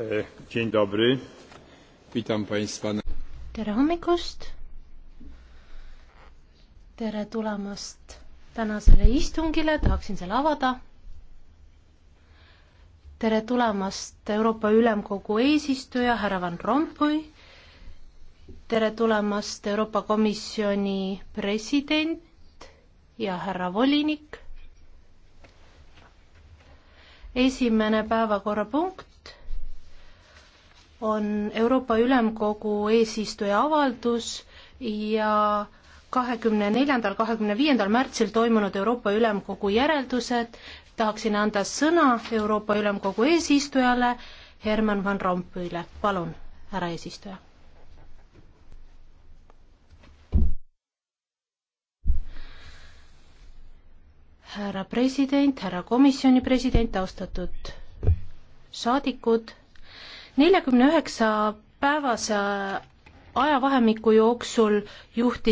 E, dzień dobry. Witam Państwa. Tere hommikust. Tere tulemast tänasele istungile. Tahaksin selle avada. Tere tulemast Euroopa Ülemkogu eesistuja härra Van Rompuy. Tere tulemast Euroopa Komisjoni president ja härra volinik esimene päevakorrapunkt on Euroopa Ülemkogu eesistuja avaldus ja kahekümne neljandal, kahekümne viiendal märtsil toimunud Euroopa Ülemkogu järeldused. tahaksin anda sõna Euroopa Ülemkogu eesistujale Herman Van Rompuyle, palun, härra eesistuja härra president, härra komisjoni president, austatud saadikud. neljakümne üheksa päevase ajavahemiku jooksul juhtis